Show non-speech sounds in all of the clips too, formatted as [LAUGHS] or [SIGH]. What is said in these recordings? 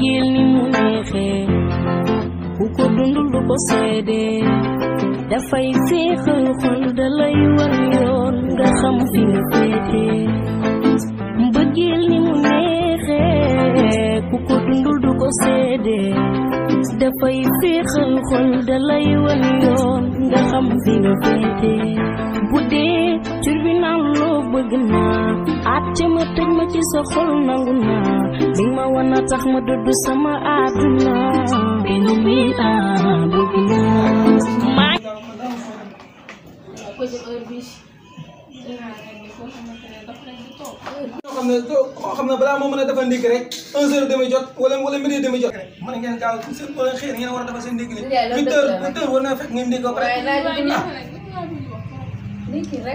mbëggeel ni ku dundul du ko seede dafay féexal xol da lay war yoon nga xam fi nga féete mbëggeel ni mu neexee ku ko dundul du ko seede dafay féexal xol dalay wan yoon nga xam fi nga féete bu dee tur loo bëgg naa àtte ma tëj ma ci sa xol nangu naa li ma wan a tax ma dudd sama àdduna benn bi ah bëgg naa xam ne koo xam ne balaa moo mën a defar ndékki rek 1 heure demi jot wala wala midi demi jot mën ngeen gaaw seen wala xëy ngeen war a defar seen ndékki li 8 heures 8 war na fekk ngeen ndékki ba pare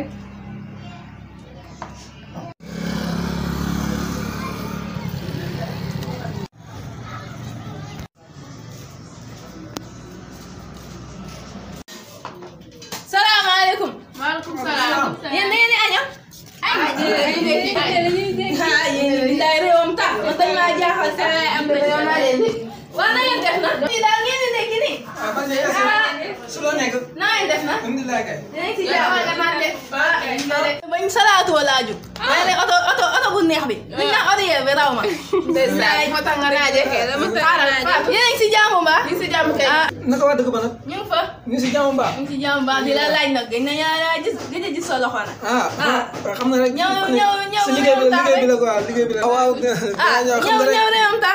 wala yéen def na. fii daal ngeen di nekk nii. ah man de su loo nekk. naa leen def na. alhamdulilah kay. dinañ ci jaaxal nga naan def. ah bañ salaatu wala jub. ma ne oto oto oto bu neex bi. waaw naa oto yeer bi raw ma. déedéet moo tax nga raajee kay dama tëj raajee. yéen a ngi si jaamu mbaa. ñu ngi si jaamu kay. naka waa dëkk ba nag. ñu ngi fa. ñu ngi si jaamu mbaa. ñu ngi si jaamu mbaa di la laaj nag gëj nañ laa gis gëj a gis sa loxo nag. ah ah xam nga rek. ñëw ñëw ñëw réewum taa rek si liggéey bi la liggéey bi la quoi liggéey bi la. waaw gën a ñëw xam nga rek ah ñëw ñëw réewum taa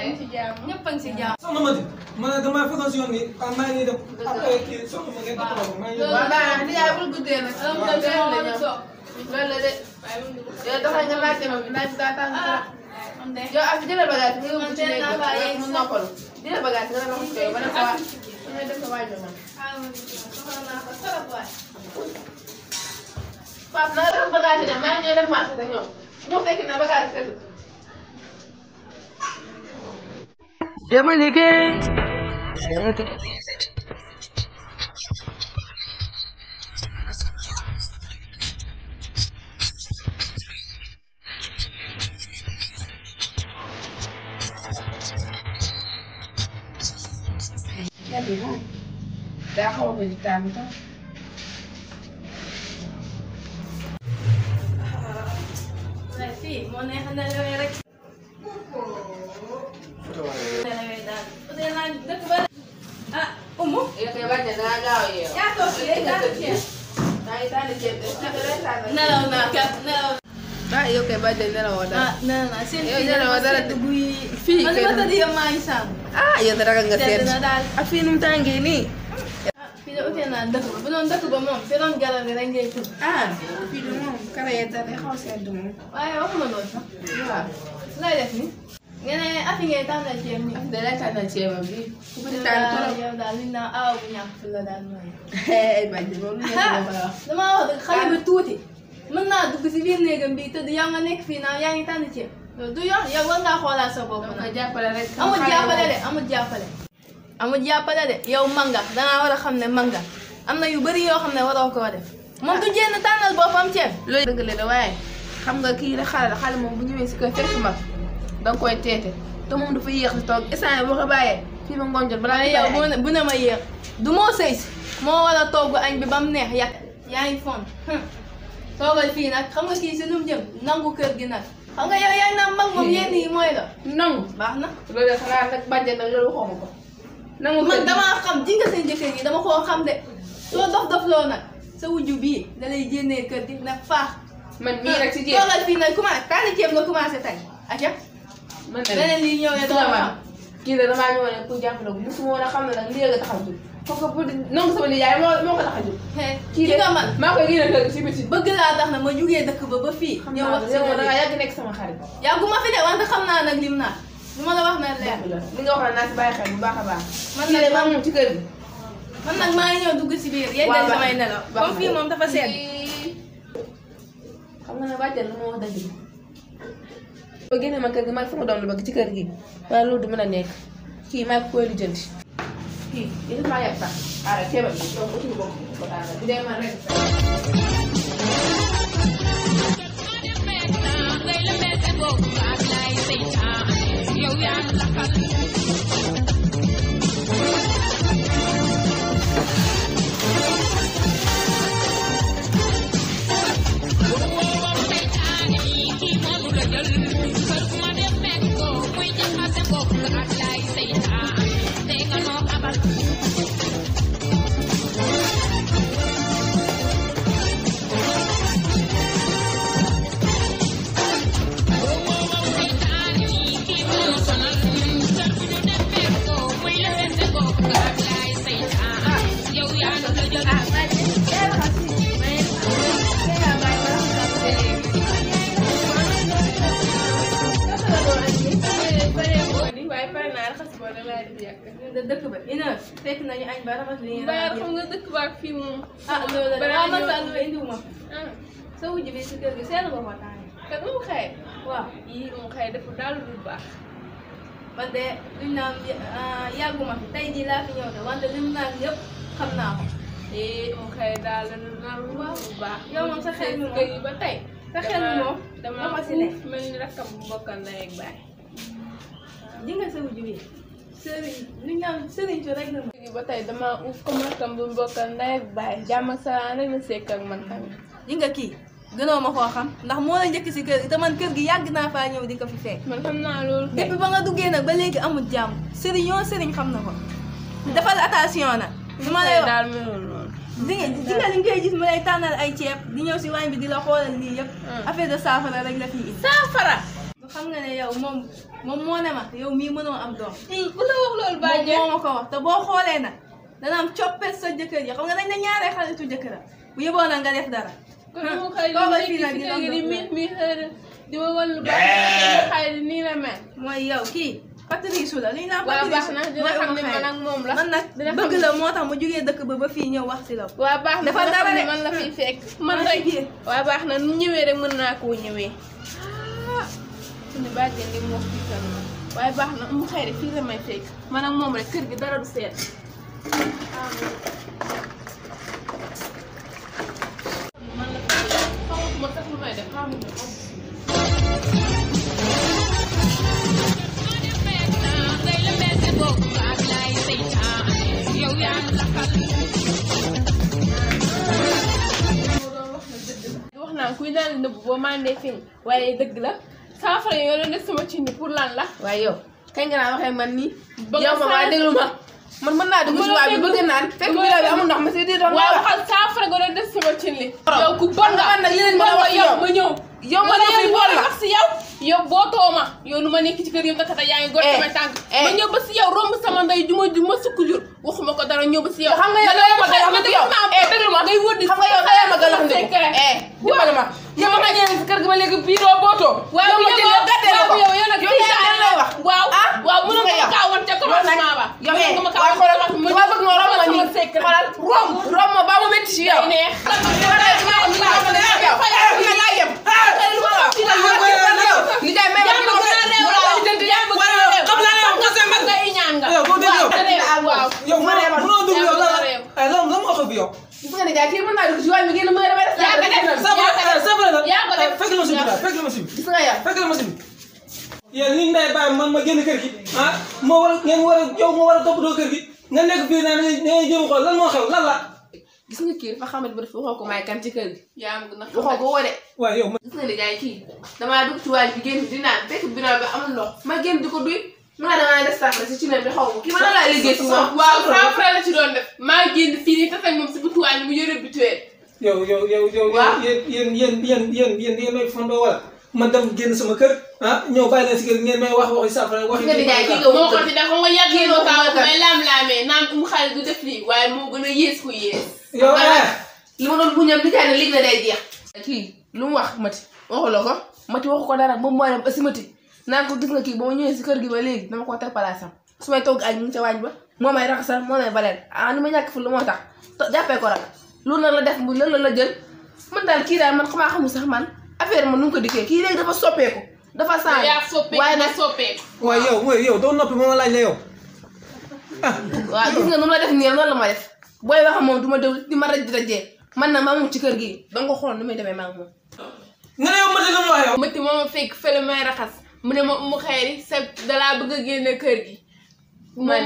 yéen ci jàmm ñëpp a ngi ci jàmm. soxna Mady ma ne damaa fekkoon si yoon bi ah maa ngi def. après kii soxna ma ngeen def. maa ngi def waaw baax na yaay bul guddee nag. waaw waaw loolu la ñoom loolu la de. yow dafay nga laajte moom naaj bi daa tàng ah, dara. yow ak jëlal bagage bi nga yóbbu ci léegi rek mu noppalu. jëlal bagage bi nga doon wax ko yow ba ne ko waa ah, su ma def sa waay ñoom. Ah, Pape na nga def bagage yi de maa ngi ñëw def marché rek ñoom bu fekkee ne bagage yi Dominic! Dominic! Daar gaan we de tuin toch? Tracy, mo na yung kanalo Eric. Opo. Ito kai ba ta na gawa yau. Ya to shi ya ta ce. Na yi ta da ke ta ta Na na ka na. Ba yau kai ba da nara wadara. Na na sai yau nara wadara dubu fi. Wani mata da yamma yi samu. Ah yau da ragan gaskiya. A filin ta ngini. Filo uke na ndaka ba. Bilo ndaka ba mom. Filo ngala ne range ku. Ah filo mom kare ya ta ne hausa ya dumu. Ai wa kuma lota. Ya. Lai da ni. ngeen afi ngeen tànn ceeb nii. afi dana tànn ceebam bi. ku ko di tànn trop daal li naa tuuti. mën naa dugg si biir néegam bi tëdd yaa nga nekk fii naan yaa ngi tànn ceeb. loolu du yoon yow war ngaa xoolaat sa bopp jàppale rek amul jàppale de amul jàppale. amul jàppale de yow manga dangaa war a xam ne manga am na yu bari yoo xam ne waroo koo def. moom du jéem a tànnal boppam ceeb. loolu dëgg la waaye xam nga kii la xale la moom bu ñëwee si kër fekk danga koy teete te moom dafa yéex si toog instant boo ko bàyyee fii ba ngoon jot balaa yow bu ma yéex du moo sëy si moo war a togg añ bi ba mu neex yàq yaa ngi fon toogal fii nag xam nga kii si kër gi nag xam nga yow yaay mooy la nangu baax na loolu xanaa nag bàjje nag loolu xamu ji nga seen xam de soo dof dof loo nag sa wujju bii da lay génnee kër gi nag faax man mii rek si jéem toogal fii nag commencé taani ceeb nga commencé tey aca man de beneen ne dama am kii de damaa ñëw ne ku jàpp nag mosuma woon a xam ne nag lii nga tax a jóg foofu pour nangu sama nijaay moo moo ko tax a jóg. kii de maa koy génne kër si biti. bëgg laa tax na ma jugee dëkk ba ba fii. xam naa ne yow da nga yàgg nekk sama xarit. yàggu ma fi de wante naa nag lim naa ma la wax na leer. li nga wax naa si bàyyi xel bu baax a baax. man nag maa moom ci kër gi. man nag maa ngi ñëw dugg si biir yéen dañ samay nelaw. comme fii moom dafa seen. xam nga ne bàjjen lu ma wax dëgg boo génnee ma kër gi man fu ma doon lu bëgg ci kër gi waaye loolu du mën nekk kii maa ngi koy lijjanti. de dëkk ba une heure fekk nañu añ ba rafet li ngeen xam nga dëkk ba ak fii moom. ah loolu la ah man sax loolu indiwuma fi. Ah. sa wujj bi si kër gi seetlu nga ko tànn. kat moom xëy. waaw yii moom xëy dafa daal lu baax. man de luñ naan ah, yàgguma fi tey jii laa fi ñëw de wante lim naan yëpp xam naa ko. eh moom xëy daal la naan lu baax. yow moom sa xel mi moom ba tey. sa xel mi moom dama dama si ne mel ni rakkam bu bokkal ndey ak baay. ji nga sa wujj bi. sëriñ li ñu naan rek la ba tey dama uuf comme rakam bu mbokkal ndey ak baay jàmm ak salaam rek la sekk ak man tamit nga kii gënoo ma koo xam ndax moo la njëkk si kër te man kër gi yàgg naa faa ñëw di ko fi fekk man xam naa loolu depuis ba nga duggee nag ba léegi amul jàmm sëriñ yoo sëriñ xam na ko defal attention nag su ma lay wax di nga li ngay gis mu lay tànnal ay ceeb di ñëw si waañ bi di la xoolal nii yëpp ah. affaire de saafara rek la fii saafara xam nga ne yow moom moom moo ne ma yow mii mënoo am doom. ku la wax ko te boo xoolee nag dana am coppet sa jëkkër ji xam nga dañ ne ñaaree xaritu jëkkëram bu yeboon na nga def dara. kon mu xëy di mi mi xëy di ma wàllu ba xëy mooy yow kii. Patrice la li ñu naan Patrice mooy xam ne man ak moom la man nag bëgg la moo tax mu jugee dëkk ba ba fii ñëw wax si la. waaw baax na dara man la fiy fekk. [LAUGHS] man rek waa baax na nu ñëwee rek mën naa koo ñëwee. suñu bàjjen li mu wax fii tam waaye baax na mu xëy fii la may fekk man ak moom rek kër gi dara du seet. man la xamuma sax lu may def xamuma ko. wax naa kuy daal nëbb boo mandee feeñ waaye dëgg la. cent francs yoo doon sama cin ni pour lan la. waaye yow kay nga naan waxee man nii. yow ma waa déglu ma. man mën naa dugg si waa bi bëgg naan fekk bi la bi amul ndox ma si di doon. waaw waxal cent francs nga doon def sama cin li. yow ku bon nga man nag yeneen ma wax yow ma ñëw. yow si yow. yow boo tooma yow lu ma nekk ci kër yow nakata yaa ngi góor eh, sama tànk. Eh. ma ñëw ba si yow romb sama ndey du ma du ma sukk ko dara ñëw ba si yow. xam nga yow a xam ne yow. xam nga yow a eh, xam ne yow. yow ma ñëw ci kër gi ba léegi biiroo bootoo waaw yow yow gàddee la ko yow yow nag yow yaa lay wax waaw waaw mënu ko ka won ca commencement ba yow yow nga ma ka won wax mu ma bëgg mo rom ma ni xolal rom rom ma ba mu metti ci yow neex yow ma reew yow yow. bu fekkee ne gars yi mën naa dugg si waaye mi ngeen mën a war a. yaa ma si biir fekk na ma si biir. ma si biir. yéen ni Ndeye génn kër gi war a war a yow ma war kër nga nekk fii naan da a xool la. gis nga kii dafa xamal ba dafa waxoo ko may kan ci na xam waxoo ko yow man gis nga ne gars yi kii damaa dugg ci waañ bi génn di naan fekk bi naan bi amul ndox ma génn di ko duy maa damaa def saako si ci bi xaw ma. ki ma la laa liggéey si moom waaw sans frais la ci doon def. maa génn fii nii tase moom si bu tuwaan mu yore bituweel. yow yow yow yow. waaw yéen yéen yéen yéen yéen yéen may fondoo wala. man dem ah, ko ci def ma yàgg loo kaaw may laam-laamee naan um xaalis du def lii waaye moo gën a yées ku yées. yow ah li ma doon bu ñam di jaay ne léegi na day jeex. kii lu mu wax Mati waxu la ko Mati waxu ko dara moom moo Mati naa ko gis nga kii ba ma ñëwee si kër gi ba léegi dama koo teg palaasam su may togg añ mu ngi ca waañ ba moo may raxasal moo may baleel ah ni ma ñàkk fu lu moo jàppee ko rak lu na la def bu lan la la jël man daal kii daal man xamaa xamul sax man affaire man nu ko dikkee kii léegi dafa soppeeku dafa saa waaye nag soppeeku waaye yow mooy yow doo noppi moom la yow ah waaw gis nga nu mu def nii noonu la ma def booy wax moom du ma di ma raj man na maa ci kër gi danga ko xool nu muy demee maa ngi moom nga ne yow mëtti mu wax yow mëtti moom fekk fële may raxas mune ne ma umu xeeri sa la bëgg gënë kër gi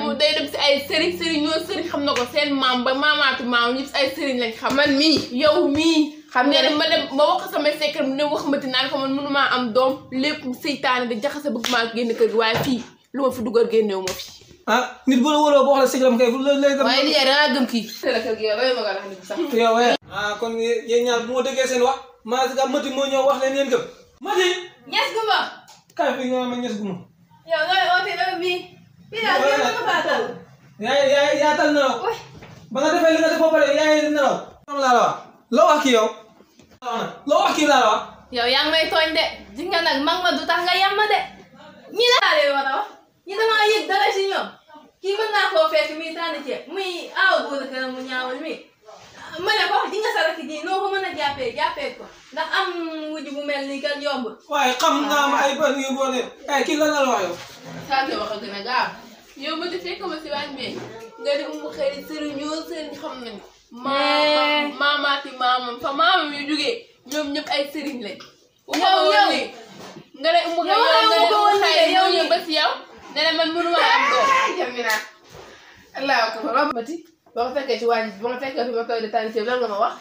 mu day dem ci ay sëriñ sëriñ ñoo sëriñ xam na ko seen maam ba maamaatu maam ñi ci ay sëriñ lañ xam man mi yow mi xam nga ma dem ma wax sama secret mu ne wax ma dina ko man mënuma am doom lépp seytane da jaxasse bëgg ma gënë kër gi way fi luma fi duggal génnew ma fi ah nit bu la wolo bo xala ne secret kay lay dem waaye nijaay dangaa gëm ki kii kër gi way bay ma ko lax nit sax yow way ah kon yéen ñaar bu mo déggé seen wax ma nga mëti mo ñoo wax leen yéen gëm mëti ñes gu ma Kafin ya man yasgumu. Ya no o oh, te no mi. Pila ya no ka bata. Ya ya ya tal na. Oh. Ba oh. nga defee li nga def ba pare yaay na la. Am la la. Loo wax ki Loo wax ki la la. Yow yaa ngi may tooñ de. Di nag mag ma du tax yam ma de. Ñi la lay war a wax. Ñi dama yëg dara ci ñoom. Kii mën naa koo fekk muy tànn ci muy aaw góor këram mu ñaawal mi. ma ne ko di nga saraki ji noo ko mën a jàppee jàppee ko ndax am wujj bu mel ni kan yomb. waaye xam naa ma ay bër yu boole ay kii lan la wax yow. saa te wax a gën a gaaw yow ba te fekk ma si waañ bi nga di umu xëy sëriñ ñoo sëriñ xam nañ ko. maama maamaati maamam fa maamam yu jógee ñoom ñëpp ay sëriñ lañ. yow yow nga ne umu xëy yow nga ne umu xëy yow ñëw ba si yow. ne man mënu ma am doom. jamina allahu akbar ba ma fekkee ci waa ji ba ma fekkee fi ma koy détaillé fii lan nga ma wax.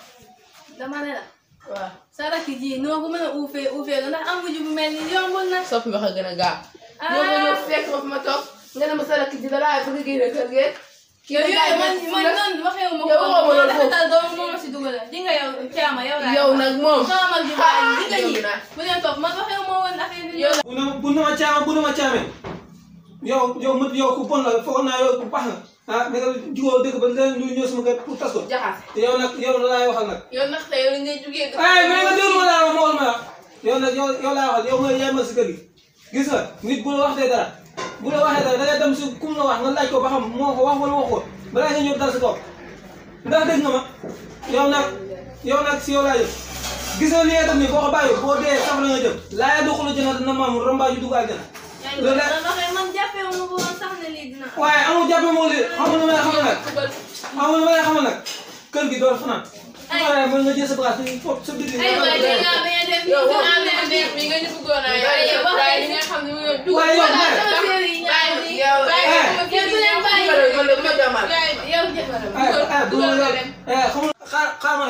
dama ne la. waaw sa rakk ji noo ko mën a uufee uufee ndax am wuju bu mel ni yombul na. soppi wax a gën a gaaw. ah ñoo ma ñëw fekk ma fi ma toog nga ne ma sa rakk ji da laa bëgg a génne kër geeg. yow yooyu man man noonu waxee wu ma ko woon yow rafetal doomu moom la si dugal di nga yow caama yow laa. yow nag moom xaaral ji nga ji bu leen toog man waxee wu ma woon affaire bi. bu nu bu nu ma caama bu nu ma caamee yow yow yow ku bon la foog naa yow ku baax la ah ne nga jugoo dëkk ba leneen lu ñëw sama kër pour yow nag yow nag. yow nag yow nag yow yow laay yow gis nga nit bu la waxtee dara bu dem si laaj ko ba xam moo ko wax wala waxoo balaa nga ñëw dal si kaw ndax dégg nga ma yow nag yow nag si yow laa jëm gis nga li nga def nii boo ko dugg àjjana loolu waaye amul jàpp moo li xamal lu may xamal nag. xamal lu may xamal nag kër gi door fanaan. aywa mën nga jël sa place bi foofu sa biir. aywa dinaa bañ a def dinaa bañ a def mi nga ñu bëggoon a. waaye yow waaye yow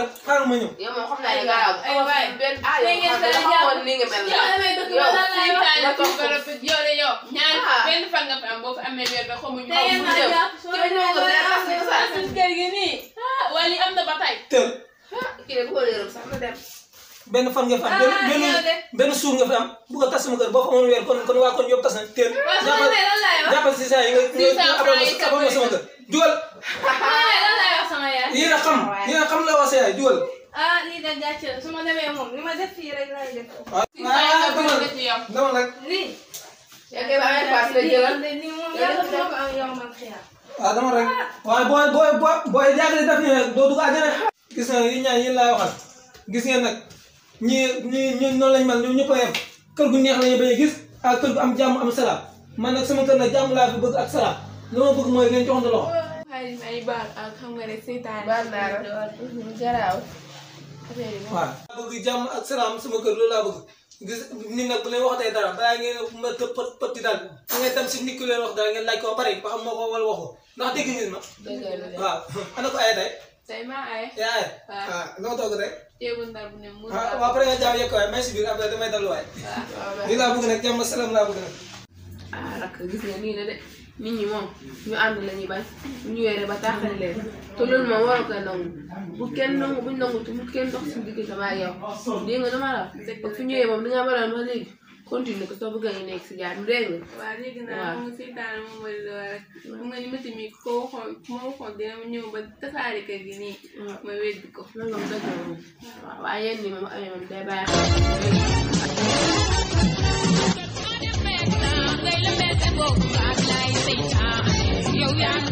xaaral xaaral ma ñëw. yow moom xam naa ne nga am. ay waay benn ah yow xam nga xamoon ni nga mel. yow damay dëkk ba lan laay wax yow ko barab yow de yow. ñaar benn fan nga fi am boo fi amee weer ba xamuñu. te a ba am na suñ kër gi nii. wala lii am na ba tey. teel. kii de bu ko leeral sax na dem. benn fan nga fi am benn suur nga fi am bu ko tas sama kër boo xamoon weer kon kon waa kon yóbbu tas na teel. jàppal jàppal si saa yi nga nga abal ma sama kër dugal. ah lii de gàcce la su ma demee moom li ma def fii rek laay def. ah dama nag. lii. ah dama rek waaye booy booy booy jaagale daf ñu doo dugg àjjana. gis nga yi ñaan yéen laay waxal gis ngeen nag ñii ñii ñun lañ mel ñoom ñëpp a yem kër gu neex la ñu bañ gis kër gu am jàmm am salaam man nag ma kër nag jàmm laa ak salaam li ma bëgg mooy ngeen joxante loxo. bàyyi may baal ak xam nga rek seetaan. baal naa la lool mhm, jaraaw. waaw. bëgg jàmm ak salaam sama kër loolu a bëgg gis nit nag bu lay waxatee dara balaa ngeen ma tëpp pët di daal da ngay tam si nit ku leen wax dara ngeen laaj ko pare ba xam moo ko wala waxoo ndax dégg ngeen ma. dëgg la waaw ana ko ay tey. tey ay. yaa ay waaw loo ah, togg tey. teewul ndar bu ne mu. Ah, waaw après nga jàmm yekk waay may si biir après damay dalluwaay. waaw waaw laa bëgg nag jàmm salaam laa bëgg nag. ah rakk gis nga nii la de. nit ñi moom ñu ànd la ñuy bañ bu ñu ba taaxal leen te loolu moom waroo ko nangu bu kenn nangu buñ nangu te bu kenn dox suñu diggante ak yow dégg nga dama la que ñëwee nekk si jaar dégg nga. waaw dégg moom mooy loolu rek. mu nga ni métti mi koo waxoon ku ma waxoon ma ba tasaare gi nii. ma weddi ko. loolu moom dëgg la moom. waaw waaye yéen ñi moom amee moom day bàyyi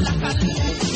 la calle.